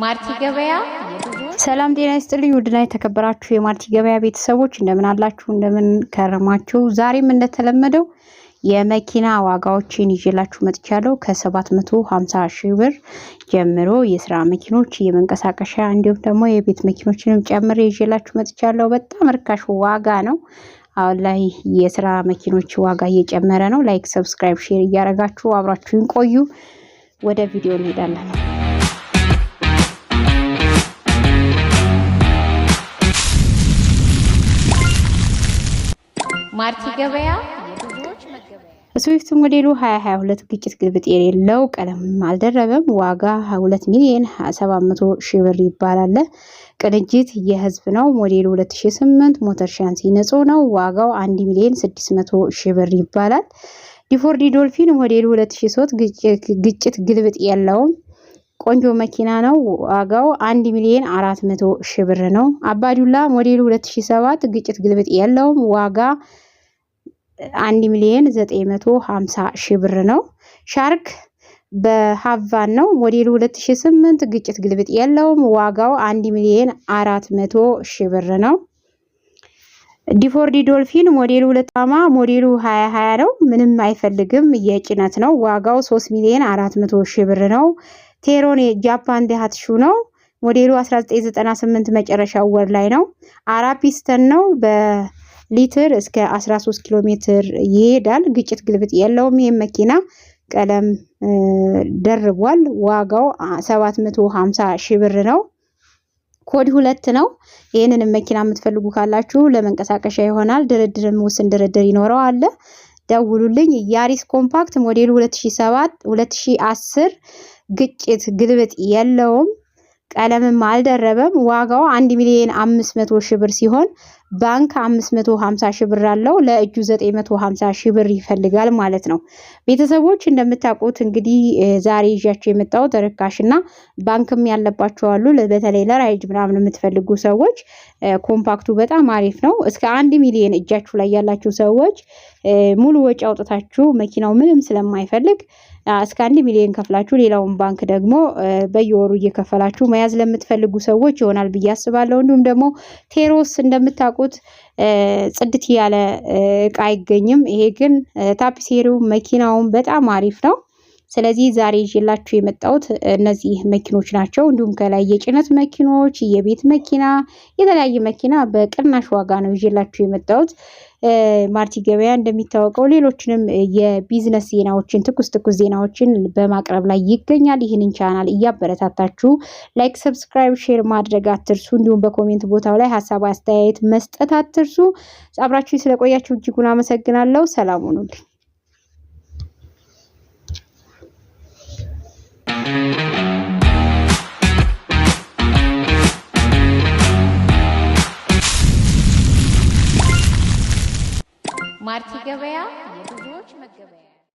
ማርቲ ገበያ ሰላም ጤና ይስጥልኝ። ውድና የተከበራችሁ የማርቲ ገበያ ቤተሰቦች እንደምን አላችሁ? እንደምን ከረማችሁ? ዛሬም እንደተለመደው የመኪና ዋጋዎችን ይዤላችሁ መጥቻለሁ። ከ750 ሺህ ብር ጀምሮ የስራ መኪኖች፣ የመንቀሳቀሻ እንዲሁም ደግሞ የቤት መኪኖችንም ጨምሬ ይዤላችሁ መጥቻለሁ። በጣም ርካሽ ዋጋ ነው። አሁን ላይ የስራ መኪኖች ዋጋ እየጨመረ ነው። ላይክ፣ ሰብስክራይብ፣ ሼር እያደረጋችሁ አብራችሁን ቆዩ። ወደ ቪዲዮ እንሄዳለን። ማርቲ ገበያ በስዊፍት ሞዴሉ 2022 ግጭት ግልብጥ የሌለው ቀለም አልደረበም። ዋጋ 2 ሚሊዮን 700 ሺህ ብር ይባላል። ቅንጅት የህዝብ ነው። ሞዴሉ 2008 ሞተር ሻንሲ ንጹህ ነው። ዋጋው 1 ሚሊዮን 600 ሺህ ብር ይባላል። ዲፎርዲ ዶልፊን ሞዴሉ 2003 ግጭት ግልብጥ የለውም። ቆንጆ መኪና ነው። ዋጋው 1 ሚሊዮን 400 ሺህ ብር ነው። አባዱላ ሞዴሉ 2007 ግጭት ግልብጥ የለውም። ዋጋ አንድ ሚሊዮን ዘጠኝ መቶ ሀምሳ ሺህ ብር ነው። ሻርክ በሀቫን ነው ሞዴሉ 2008 ግጭት ግልብጥ የለውም። ዋጋው አንድ ሚሊዮን 400 ሺ ብር ነው። ዲፎርዲ ዶልፊን ሞዴሉ ሁለታማ ሞዴሉ 2020 ነው። ምንም አይፈልግም የጭነት ነው። ዋጋው 3 ሚሊዮን 400 ሺ ብር ነው። ቴሮን የጃፓን ሹ ነው። ሞዴሉ 1998 መጨረሻው ወር ላይ ነው። አራፒስተን ነው በ ሊትር እስከ 13 ኪሎ ሜትር ይሄዳል። ግጭት ግልብጥ የለውም። ይህም መኪና ቀለም ደርቧል። ዋጋው 750 ሺ ብር ነው። ኮድ ሁለት ነው። ይህንንም መኪና የምትፈልጉ ካላችሁ ለመንቀሳቀሻ ይሆናል። ድርድርም ውስን ድርድር ይኖረው አለ። ደውሉልኝ። ያሪስ ኮምፓክት ሞዴሉ 2007 2010 ግጭት ግልብጥ የለውም። ቀለምም አልደረበም። ዋጋው 1 ሚሊዮን 500 ሺህ ብር ሲሆን ባንክ 550 ሺህ ብር አለው። ለእጁ 950 ሺህ ብር ይፈልጋል ማለት ነው። ቤተሰቦች እንደምታውቁት እንግዲህ ዛሬ ይዣቸው የመጣው ተረካሽ እና ባንክም ያለባቸው አሉ። በተለይ ለራይድ ምናምን የምትፈልጉ ሰዎች ኮምፓክቱ በጣም አሪፍ ነው። እስከ አንድ ሚሊዮን እጃችሁ ላይ ያላችሁ ሰዎች ሙሉ ወጪ አውጥታችሁ መኪናው ምንም ስለማይፈልግ እስከ አንድ ሚሊዮን ከፍላችሁ ሌላውን ባንክ ደግሞ በየወሩ እየከፈላችሁ መያዝ ለምትፈልጉ ሰዎች ይሆናል ብዬ አስባለሁ። እንዲሁም ደግሞ ቴሮስ እንደምታውቁ እንደምታውቁት ጽድት ያለ እቃ አይገኝም። ይሄ ግን ታፒሴሪው መኪናውን በጣም አሪፍ ነው። ስለዚህ ዛሬ ይዤላችሁ የመጣሁት እነዚህ መኪኖች ናቸው። እንዲሁም ከላይ የጭነት መኪኖች፣ የቤት መኪና፣ የተለያየ መኪና በቅናሽ ዋጋ ነው ይዤላችሁ የመጣሁት። ማርቲ ገበያ እንደሚታወቀው ሌሎችንም የቢዝነስ ዜናዎችን ትኩስ ትኩስ ዜናዎችን በማቅረብ ላይ ይገኛል። ይህንን ቻናል እያበረታታችሁ ላይክ፣ ሰብስክራይብ፣ ሼር ማድረግ አትርሱ። እንዲሁም በኮሜንት ቦታው ላይ ሀሳብ አስተያየት መስጠት አትርሱ። አብራችሁ ስለቆያችሁ እጅጉን አመሰግናለሁ። ሰላም ሁኑልኝ። मार्च क्या गया